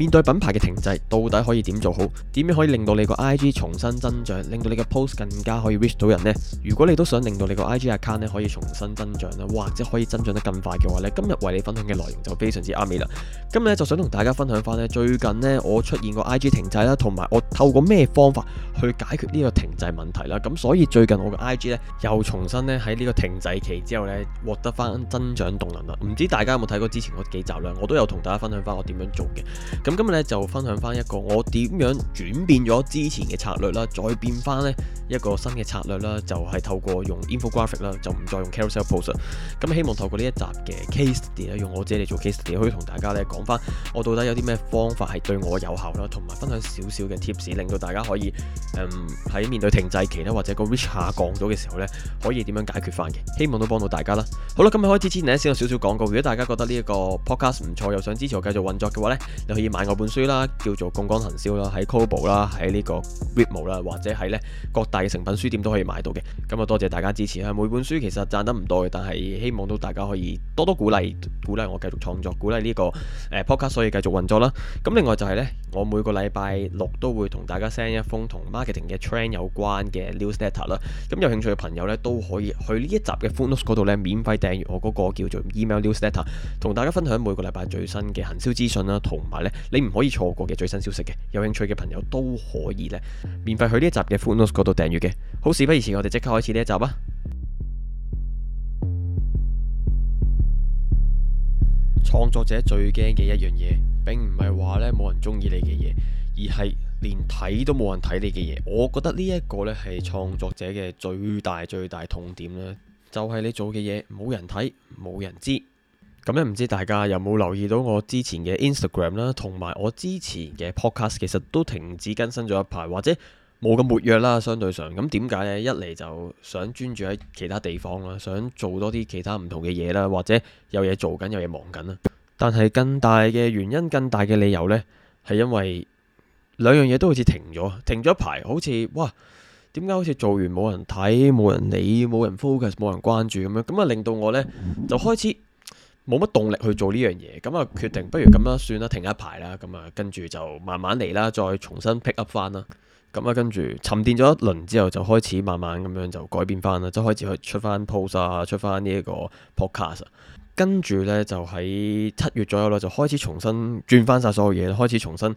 面對品牌嘅停滯，到底可以點做好？點樣可以令到你個 IG 重新增長，令到你個 post 更加可以 reach 到人呢？如果你都想令到你個 IG account 呢可以重新增長啦，或者可以增長得更快嘅話咧，今日為你分享嘅內容就非常之啱你啦。今日就想同大家分享翻咧，最近咧我出現個 IG 停滯啦，同埋我透過咩方法去解決呢個停滯問題啦。咁所以最近我嘅 IG 咧又重新咧喺呢個停滯期之後咧獲得翻增長動能啦。唔知大家有冇睇過之前嗰幾集咧？我都有同大家分享翻我點樣做嘅。咁今日咧就分享翻一個我點樣轉變咗之前嘅策略啦，再變翻呢一個新嘅策略啦，就係、是、透過用 infographic 啦，就唔再用 carousel post 咁、嗯、希望透過呢一集嘅 case study, 用我自己嚟做 case study 可以同大家咧講翻我到底有啲咩方法係對我有效啦，同埋分享少少嘅 tips，令到大家可以，喺、嗯、面對停滯期咧或者個 reach 下降咗嘅時候呢，可以點樣解決翻嘅，希望都幫到大家啦。好啦，今日開始之前咧先有少少廣告，如果大家覺得呢一個 podcast 唔錯，又想支持我繼續運作嘅話呢，你可以。買我本書啦，叫做《槓桿行銷》啦，喺 Cobo 啦，喺呢個 Readmo 啦，或者喺呢各大嘅誠品書店都可以買到嘅。咁啊，多謝大家支持啊！每本書其實賺得唔多嘅，但係希望到大家可以多多鼓勵鼓勵我繼續創作，鼓勵呢個誒 Podcast 可以繼續運作啦。咁另外就係呢。我每個禮拜六都會同大家 send 一封同 marketing 嘅 trend 有關嘅 newsletter 啦。咁有興趣嘅朋友咧都可以去呢一集嘅 full notes 嗰度咧免費訂閱我嗰個叫做 email newsletter，同大家分享每個禮拜最新嘅行銷資訊啦，同埋咧你唔可以錯過嘅最新消息嘅。有興趣嘅朋友都可以咧免費去呢一集嘅 full notes 嗰度訂閱嘅。好，事不宜遲，我哋即刻開始呢一集啊！創作者最驚嘅一樣嘢。並唔係話咧冇人中意你嘅嘢，而係連睇都冇人睇你嘅嘢。我覺得呢一個咧係創作者嘅最大最大痛點啦，就係你做嘅嘢冇人睇，冇人知。咁咧唔知大家有冇留意到我之前嘅 Instagram 啦，同埋我之前嘅 Podcast 其實都停止更新咗一排，或者冇咁活躍啦，相對上。咁點解呢？一嚟就想專注喺其他地方啦，想做多啲其他唔同嘅嘢啦，或者有嘢做緊，有嘢忙緊啊。但係更大嘅原因、更大嘅理由呢，係因為兩樣嘢都好似停咗，停咗一排，好似哇，點解好似做完冇人睇、冇人理、冇人 focus、冇人關注咁樣，咁啊令到我呢，就開始冇乜動力去做呢樣嘢，咁啊決定不如咁啦，算啦，停一排啦，咁啊跟住就慢慢嚟啦，再重新 pick up 翻啦，咁啊跟住沉澱咗一輪之後，就開始慢慢咁樣就改變翻啦，就開始去出翻 post 啊，出翻呢一個 podcast 啊。跟住呢，就喺七月左右啦，就開始重新轉翻晒所有嘢，開始重新、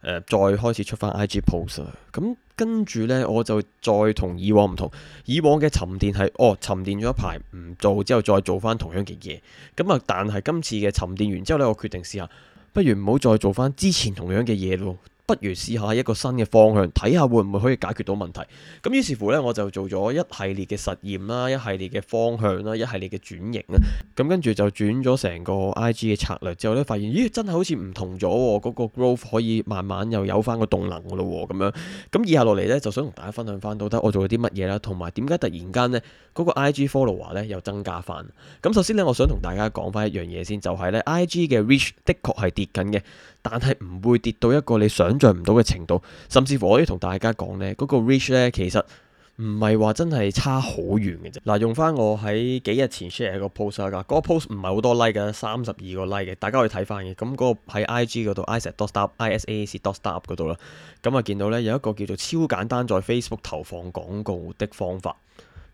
呃、再開始出翻 IG post。咁跟住呢，我就再同以往唔同，以往嘅沉澱係哦，沉澱咗一排，唔做之後再做翻同樣嘅嘢。咁啊，但係今次嘅沉澱完之後呢，我決定試下，不如唔好再做翻之前同樣嘅嘢咯。不如試下一個新嘅方向，睇下會唔會可以解決到問題。咁於是乎呢，我就做咗一系列嘅實驗啦，一系列嘅方向啦，一系列嘅轉型啦。咁跟住就轉咗成個 IG 嘅策略之後呢，發現咦，真係好似唔同咗，嗰個 growth 可以慢慢又有翻個動能嘅咯喎咁樣。咁以下落嚟呢，就想同大家分享翻到底我做咗啲乜嘢啦，同埋點解突然間呢，嗰個 IG follower 呢又增加翻。咁首先呢，我想同大家講翻一樣嘢先，就係呢 IG 嘅 reach 的確係跌緊嘅，但係唔會跌到一個你想。想像唔到嘅程度，甚至乎我可以同大家講呢，嗰、那個 reach 呢其實唔係話真係差好遠嘅啫。嗱，用翻我喺幾日前 share 個 post 啦，嗰、那個 post 唔係好多 like 嘅，三十二個 like 嘅，大家可以睇翻嘅。咁、那、嗰個喺 IG 嗰度 i s a d o s t o p i s a a c d o s t o p 嗰度啦。咁啊，見到呢，有一個叫做超簡單在 Facebook 投放廣告的方法。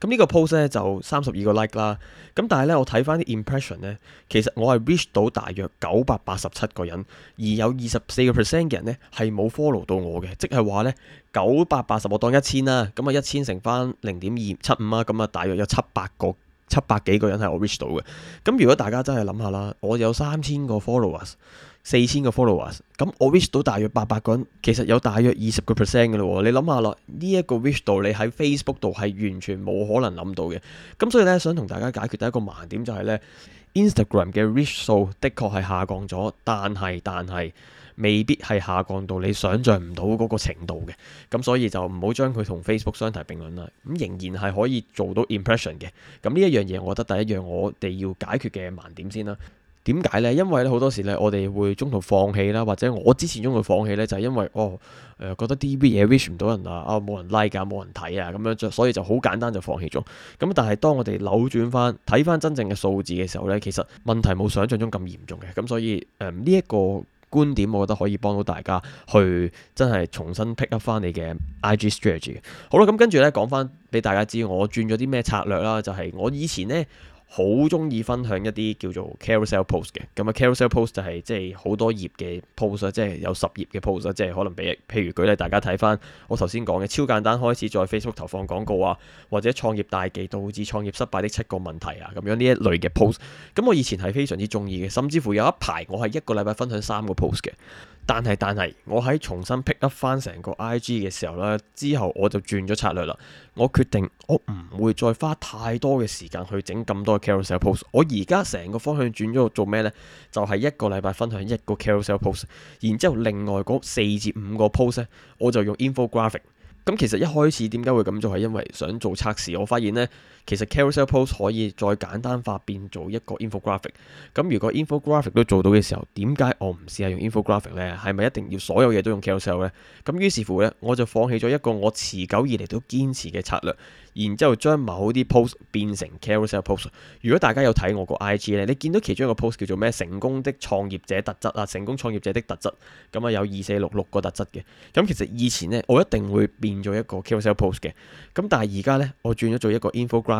咁呢個 post 咧就三十二個 like 啦，咁但係咧我睇翻啲 impression 咧，其實我係 reach 到大約九百八十七個人，而有二十四個 percent 嘅人咧係冇 follow 到我嘅，即係話咧九百八十我當一千啦，咁啊一千乘翻零點二七五啦，咁啊大約有七八個。七百幾個人係我 reach 到嘅，咁如果大家真係諗下啦，我有三千個 followers，四千個 followers，咁我 reach 到大約八百個人，其實有大約二十個 percent 嘅咯，你諗下啦，呢、這、一個 reach 到你喺 Facebook 度係完全冇可能諗到嘅，咁所以呢，想同大家解決第一個盲點就係、是、呢。Instagram 嘅 reach 數的確係下降咗，但係但係未必係下降到你想像唔到嗰個程度嘅，咁所以就唔好將佢同 Facebook 相提並論啦。咁、嗯、仍然係可以做到 impression 嘅，咁、嗯、呢一樣嘢，我覺得第一樣我哋要解決嘅盲點先啦。點解呢？因為咧好多時咧，我哋會中途放棄啦，或者我之前中途放棄呢，就係、是、因為哦誒、呃、覺得 D B 嘢 reach 唔到人啊，啊、哦、冇人 like 啊，冇人睇啊，咁樣就所以就好簡單就放棄咗。咁但係當我哋扭轉翻睇翻真正嘅數字嘅時候呢，其實問題冇想像中咁嚴重嘅。咁所以誒呢一個觀點，我覺得可以幫到大家去真係重新 pick up 翻你嘅 I G strategy 嘅。好啦，咁跟住呢，講翻俾大家知，我轉咗啲咩策略啦，就係、是、我以前呢。好中意分享一啲叫做 carousel post 嘅，咁啊 carousel post 就係即係好多頁嘅 post 即係有十頁嘅 post 即係可能俾譬如舉例，大家睇翻我頭先講嘅超簡單開始在 Facebook 投放廣告啊，或者創業大忌導致創業失敗的七個問題啊，咁樣呢一類嘅 post，咁我以前係非常之中意嘅，甚至乎有一排我係一個禮拜分享三個 post 嘅，但係但係我喺重新 pick up 翻成個 IG 嘅時候呢，之後我就轉咗策略啦。我決定我唔會再花太多嘅時間去整咁多 carousel post。我而家成個方向轉咗做咩呢？就係一個禮拜分享一個 carousel post，然之後另外嗰四至五個 post 咧，我就用 infographic。咁其實一開始點解會咁做係因為想做測試，我發現呢。其實 carousel post 可以再簡單化，變做一個 infographic。咁如果 infographic 都做到嘅時候，點解我唔試下用 infographic 呢？係咪一定要所有嘢都用 carousel 呢？咁於是乎呢，我就放棄咗一個我持久以嚟都堅持嘅策略，然之後將某啲 post 變成 carousel post。如果大家有睇我個 IG 呢，你見到其中一個 post 叫做咩？成功的創業者特質啊，成功創業者的特質。咁啊有二四六六個特質嘅。咁其實以前呢，我一定會變做一個 carousel post 嘅。咁但係而家呢，我轉咗做一個 infographic。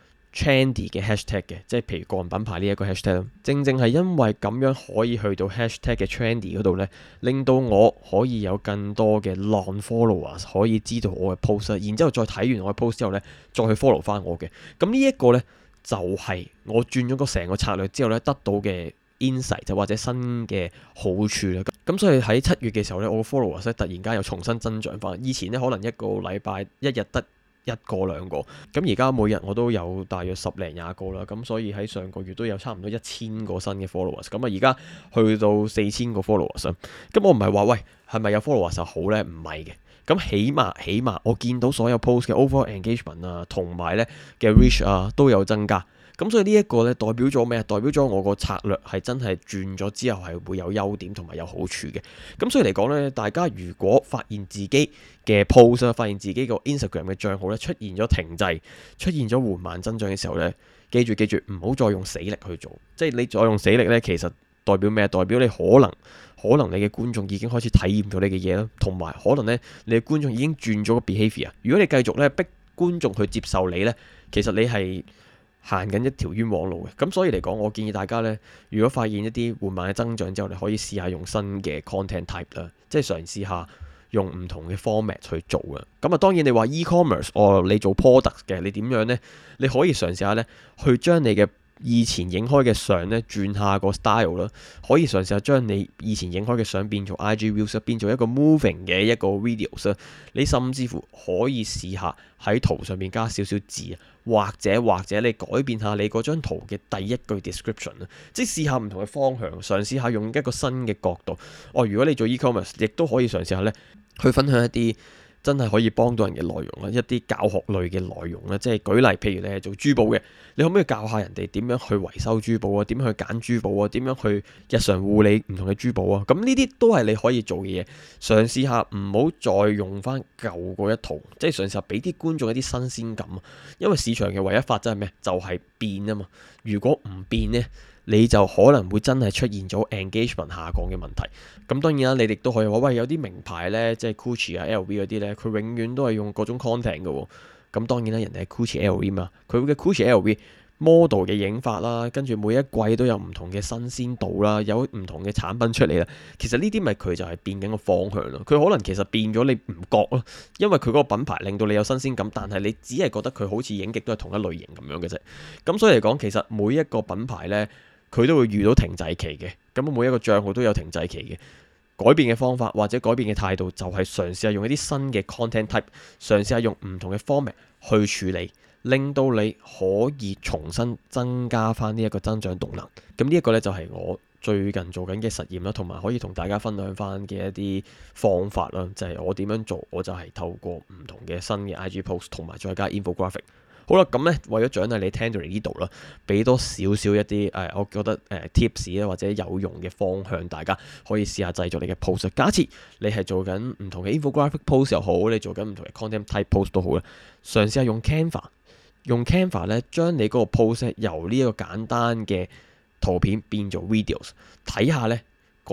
Trendy 嘅 hashtag 嘅，即係譬如個人品牌呢一個 hashtag 正正係因為咁樣可以去到 hashtag 嘅 Trendy 嗰度呢，令到我可以有更多嘅 long followers 可以知道我嘅 post，然之後再睇完我嘅 post 之後呢再去 follow 翻我嘅。咁呢一個呢，就係、是、我轉咗個成個策略之後呢得到嘅 insight，就或者新嘅好處啦。咁所以喺七月嘅時候呢，我 followers 突然間又重新增長翻。以前呢，可能一個禮拜一日得，一個兩個咁，而家每日我都有大約十零廿個啦，咁所以喺上個月都有差唔多一千個新嘅 followers，咁啊而家去到四千個 followers 咁，我唔係話喂係咪有 followers 好呢？唔係嘅，咁起碼起碼我見到所有 post 嘅 overall engagement 啊，同埋呢嘅 reach 啊都有增加。咁所以呢一個咧代表咗咩？代表咗我個策略係真係轉咗之後係會有優點同埋有好處嘅。咁所以嚟講咧，大家如果發現自己嘅 post，啊，發現自己個 Instagram 嘅賬號咧出現咗停滯，出現咗緩慢增長嘅時候咧，記住記住唔好再用死力去做。即係你再用死力咧，其實代表咩？代表你可能可能你嘅觀眾已經開始體驗到你嘅嘢啦，同埋可能咧你嘅觀眾已經轉咗個 behavior。如果你繼續咧逼觀眾去接受你咧，其實你係。行緊一條冤枉路嘅，咁所以嚟講，我建議大家呢，如果發現一啲緩慢嘅增長之後，你可以試下用新嘅 content type 啦，即係嘗試下用唔同嘅 format 去做嘅。咁啊，當然你話 e-commerce，我、哦、你做 product 嘅，你點樣呢？你可以嘗試下呢，去將你嘅以前影開嘅相咧，轉下個 style 啦，可以嘗試下將你以前影開嘅相變做 IG views，變做一個 moving 嘅一個 videos。你甚至乎可以試下喺圖上面加少少字啊，或者或者你改變下你嗰張圖嘅第一句 description 啊，即係試下唔同嘅方向，嘗試下用一個新嘅角度。哦，如果你做 e-commerce，亦都可以嘗試下咧，去分享一啲。真係可以幫到人嘅內容啦，一啲教學類嘅內容咧，即係舉例，譬如你係做珠寶嘅，你可唔可以教下人哋點樣去維修珠寶啊？點樣去揀珠寶啊？點樣去日常護理唔同嘅珠寶啊？咁呢啲都係你可以做嘅嘢，嘗試下唔好再用翻舊嗰一套，即係嘗試下俾啲觀眾一啲新鮮感啊！因為市場嘅唯一法則係咩？就係變啊嘛！如果唔變呢？你就可能會真係出現咗 engagement 下降嘅問題。咁當然啦、啊，你哋都可以話：喂，有啲名牌呢，即係 Gucci 啊、LV 嗰啲呢，佢永遠都係用各種 content 嘅。咁當然啦、啊，人哋係 Gucci LV 嘛，佢嘅 Gucci LV model 嘅影法啦，跟住每一季都有唔同嘅新鮮度啦，有唔同嘅產品出嚟啦。其實呢啲咪佢就係變緊個方向咯。佢可能其實變咗你唔覺咯，因為佢嗰個品牌令到你有新鮮感，但係你只係覺得佢好似影極都係同一類型咁樣嘅啫。咁所以嚟講，其實每一個品牌呢。佢都會遇到停滯期嘅，咁每一個賬號都有停滯期嘅。改變嘅方法或者改變嘅態度，就係嘗試下用一啲新嘅 content type，嘗試下用唔同嘅 format 去處理，令到你可以重新增加翻呢一個增長動能。咁呢一個呢就係、是、我最近做緊嘅實驗啦，同埋可以同大家分享翻嘅一啲方法啦，就係、是、我點樣做，我就係透過唔同嘅新嘅 IG post 同埋再加 infographic。好啦，咁咧為咗獎勵你聽到嚟呢度啦，俾多少少一啲誒、呃，我覺得誒、呃、tips 咧或者有用嘅方向，大家可以試下製作你嘅 post。假設你係做緊唔同嘅 infographic post 又好，你做緊唔同嘅 content type post 都好啦，嘗試下用 Canva，用 Canva 咧將你嗰個 post 由呢一個簡單嘅圖片變做 videos，睇下咧。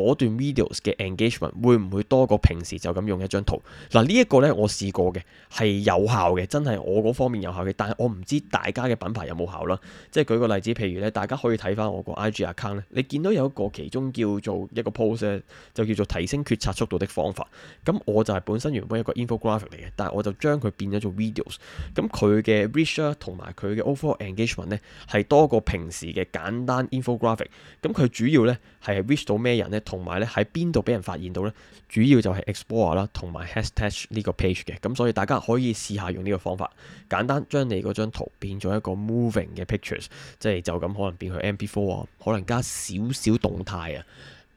嗰段 videos 嘅 engagement 會唔會多過平時就咁用一張圖？嗱呢一個呢，我試過嘅係有效嘅，真係我嗰方面有效嘅。但係我唔知大家嘅品牌有冇效啦。即係舉個例子，譬如呢，大家可以睇返我個 IG account 咧，你見到有一個其中叫做一個 post 就叫做提升決策速度的方法。咁我就係本身原本一個 infographic 嚟嘅，但係我就將佢變咗做 videos。咁佢嘅 reach 同埋佢嘅 overall engagement 呢，係多過平時嘅簡單 infographic。咁佢主要呢，係 reach 到咩人咧？同埋咧，喺邊度俾人發現到呢？主要就係 Explorer 啦，同埋 Hashtag 呢個 page 嘅，咁所以大家可以試下用呢個方法，簡單將你嗰張圖變咗一個 moving 嘅 pictures，即係就咁可能變去 MP4 啊，可能加少少動態啊。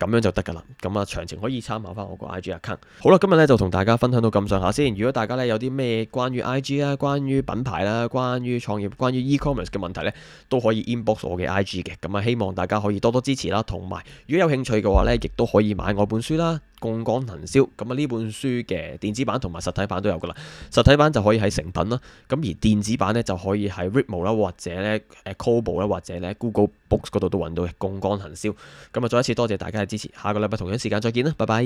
咁樣就得㗎啦，咁啊詳情可以參考翻我個 IG account。好啦，今日咧就同大家分享到咁上下先。如果大家咧有啲咩關於 IG 啊、關於品牌啦、啊、關於創業、關於 e-commerce 嘅問題咧，都可以 inbox 我嘅 IG 嘅。咁啊，希望大家可以多多支持啦，同埋如果有興趣嘅話咧，亦都可以買我本書啦。槓桿行銷咁啊！呢本書嘅電子版同埋實體版都有噶啦，實體版就可以喺誠品啦，咁而電子版咧就可以喺 Readmoo 啦，或者咧誒 Kobo 啦，或者咧 Google Books 嗰度都揾到《槓桿行銷》。咁啊，再一次多謝大家嘅支持，下個禮拜同樣時間再見啦，拜拜。